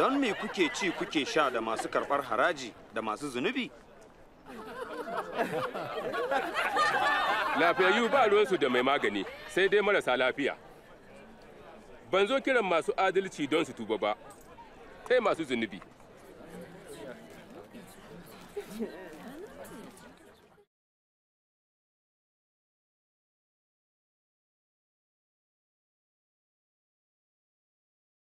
don me kuke ci kuke sha da masu karɓar haraji da masu zunubi? Lafiyayyu ba ruwansu da mai magani sai dai marasa lafiya. Ban zo kiran masu adalci don su tuba ba, sai masu zunubi.